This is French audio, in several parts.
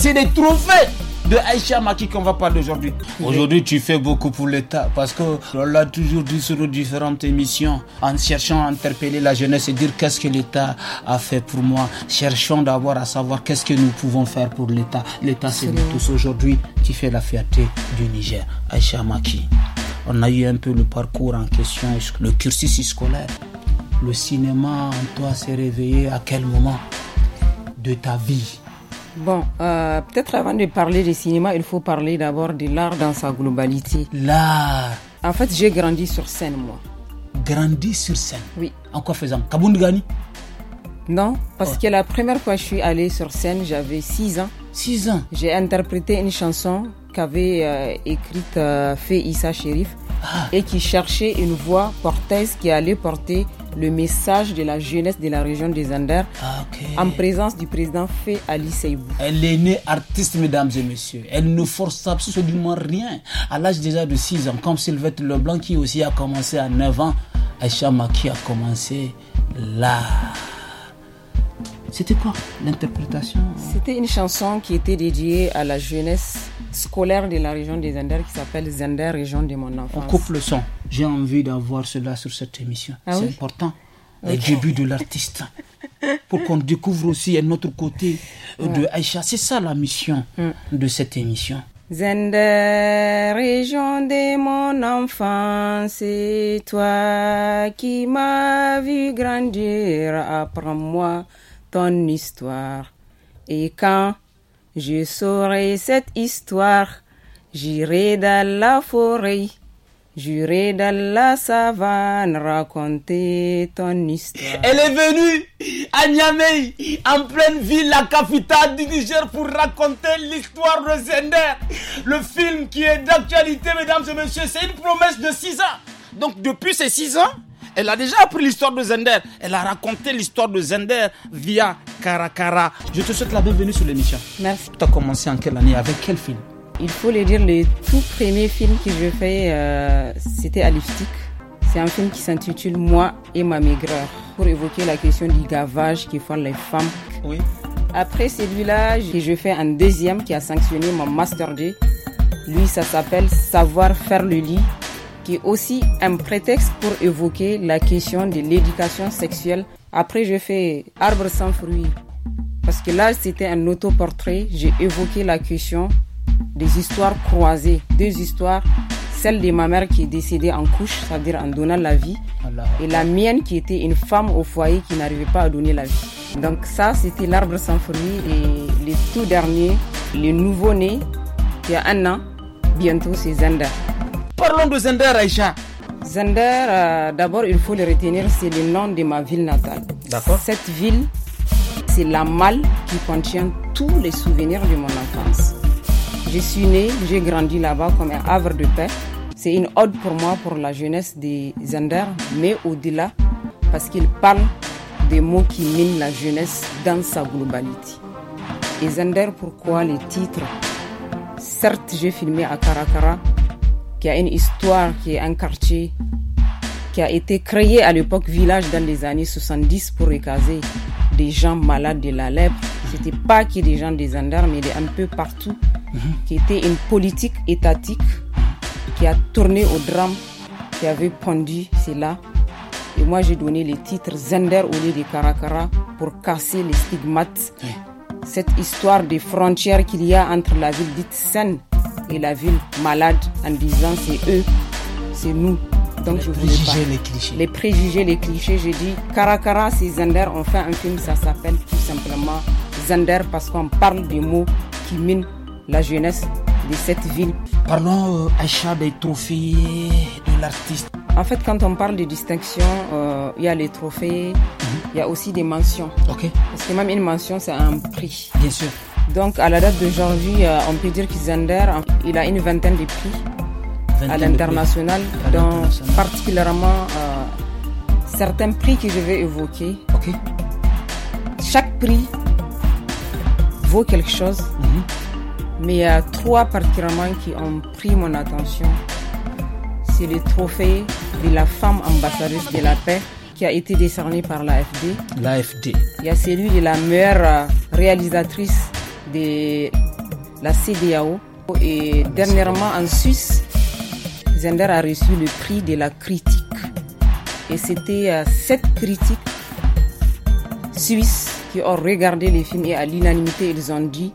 C'est des trophées de Aïcha Maki qu'on va parler aujourd'hui. Aujourd'hui, tu fais beaucoup pour l'État parce que on l'a toujours dit sur différentes émissions en cherchant à interpeller la jeunesse et dire qu'est-ce que l'État a fait pour moi. Cherchons d'avoir à savoir qu'est-ce que nous pouvons faire pour l'État. L'État, c'est nous tous aujourd'hui qui fait la fierté du Niger. Aïcha Maki. On a eu un peu le parcours en question, le cursus scolaire. Le cinéma en toi s'est réveillé à quel moment de ta vie Bon, euh, peut-être avant de parler du cinéma, il faut parler d'abord de l'art dans sa globalité. L'art En fait, j'ai grandi sur scène, moi. Grandi sur scène Oui. En quoi faisant Kabundgani Non, parce oh. que la première fois que je suis allée sur scène, j'avais 6 ans. 6 ans J'ai interprété une chanson qu'avait euh, écrite euh, Fé Issa Sherif ah. et qui cherchait une voix portaise qui allait porter le message de la jeunesse de la région des Anders ah, en présence du président Fé Ali Seibou. Elle est née artiste, mesdames et messieurs. Elle ne force absolument rien. À l'âge déjà de 6 ans, comme Sylvette Leblanc qui aussi a commencé à 9 ans, Aïcha Maki a commencé là. C'était quoi l'interprétation C'était une chanson qui était dédiée à la jeunesse scolaire de la région des Anders qui s'appelle Zender, région de mon enfance. On coupe le son. J'ai envie d'avoir cela sur cette émission. Ah c'est important. Okay. Le début de l'artiste. Pour qu'on découvre aussi un autre côté de Aïcha. C'est ça la mission mm. de cette émission. Zender, région de mon enfance, c'est toi qui m'as vu grandir. Apprends-moi ton histoire. Et quand je saurai cette histoire, j'irai dans la forêt Juré dans la savane, raconter ton histoire. Elle est venue à Niamey, en pleine ville, la capitale du Niger, pour raconter l'histoire de Zender. Le film qui est d'actualité, mesdames et messieurs, c'est une promesse de 6 ans. Donc depuis ces 6 ans, elle a déjà appris l'histoire de Zender. Elle a raconté l'histoire de Zender via Karakara. Je te souhaite la bienvenue sur l'émission. Merci. Tu as commencé en quelle année Avec quel film il faut le dire, le tout premier film que je fais, euh, c'était à C'est un film qui s'intitule Moi et ma maigreur pour évoquer la question du gavage qui font les femmes. Oui. Après celui-là, je fais un deuxième qui a sanctionné mon Master D. Lui, ça s'appelle Savoir faire le lit, qui est aussi un prétexte pour évoquer la question de l'éducation sexuelle. Après, je fais Arbre sans fruits, parce que là, c'était un autoportrait. J'ai évoqué la question des histoires croisées, deux histoires, celle de ma mère qui est décédée en couche, c'est-à-dire en donnant la vie, et la mienne qui était une femme au foyer qui n'arrivait pas à donner la vie. Donc ça, c'était l'arbre sans fruits et le tout dernier Le nouveau né il y a un an, bientôt c'est Zender. Parlons de Zender, Aïcha. Zender, euh, d'abord, il faut le retenir, c'est le nom de ma ville natale. D'accord. Cette ville, c'est la malle qui contient tous les souvenirs de mon enfance. Je suis né, j'ai grandi là-bas comme un havre de paix. C'est une ode pour moi, pour la jeunesse des Zender, mais au-delà, parce qu'il parle des mots qui minent la jeunesse dans sa globalité. Et Zender, pourquoi les titres Certes, j'ai filmé à Karakara, qui a une histoire, qui est un quartier, qui a été créé à l'époque village dans les années 70 pour écaser des gens malades de la lèpre. C'était pas que des gens des Zender, mais un peu partout qui était une politique étatique qui a tourné au drame, qui avait pendu cela. Et moi, j'ai donné le titre Zender au lieu de Caracara pour casser les stigmates. Cette histoire des frontières qu'il y a entre la ville dite saine et la ville malade, en disant c'est eux, c'est nous. Donc les je préjugés, les clichés. Les préjugés, les clichés. J'ai dit Caracara, c'est Zender. On fait un film, ça s'appelle tout simplement Zender parce qu'on parle des mots qui minent la jeunesse de cette ville. Parlons, euh, achat des trophées de l'artiste. En fait, quand on parle de distinction, euh, il y a les trophées, mhm. il y a aussi des mentions. Ok... Parce que même une mention, c'est un prix. Bien sûr. Donc, à la date d'aujourd'hui, euh, on peut dire que Zender, il a une vingtaine de prix à l'international, dont particulièrement certains prix que je vais évoquer. Ok... Chaque prix vaut quelque chose. Mhm. Mais il y a trois particulièrement qui ont pris mon attention. C'est le trophée de la femme ambassadrice de la paix qui a été décerné par l'AFD. L'AFD. Il y a celui de la meilleure euh, réalisatrice de la CDAO. Et dernièrement en Suisse, Zender a reçu le prix de la critique. Et c'était euh, sept critiques suisses qui ont regardé les films et à l'unanimité ils ont dit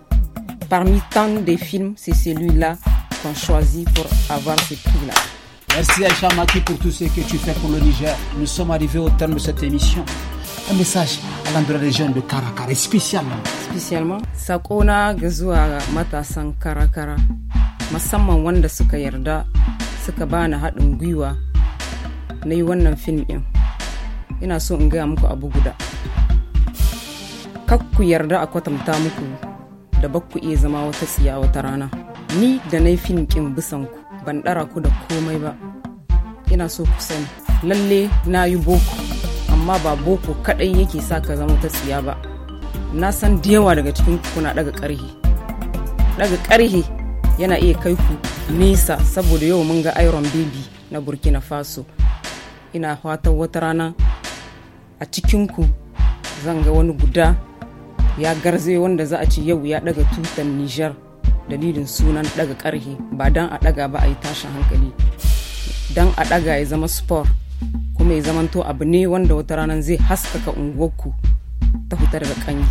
Parmi tant de films, c'est celui-là qu'on choisit pour avoir ce prix-là. Merci Aïcha Maki pour tout ce que tu fais pour le Niger. Nous sommes arrivés au terme de cette émission. Un message à l'endroit des jeunes de Karakara, spécialement. Spécialement, Sakona Gazuaga Matasan Karakara. musamman wanda suka yarda suka bani haɗin gwiwa de yi wannan fim ɗin ina so in gaya muku abu guda kak yarda a kwatanta muku da bakku iya zama wata tsiya wata rana ni da na fin kin bisan ku ban ɗara ku da komai ba ina so ku sani lalle na yi boko amma ba boko kaɗai yake sa ka zama wata tsiya ba na san da yawa daga cikin ku kuna ɗaga ƙarhi ɗaga ƙarhi yana iya kai ku nesa saboda yau mun ga iron baby na burkina faso ina fatan wata rana a ku zan ga wani guda ya garze wanda za a ce yau ya daga tutan nijar dalilin sunan daga karhe ba dan a daga ba a yi tashin hankali dan a daga ya zama sport kuma ya zamanto abu ne wanda wata ranar zai haskaka unguwarku ta fitar da kangi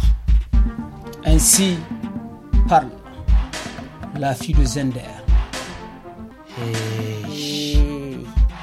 ainsi parle la fille de Zender. Et eh,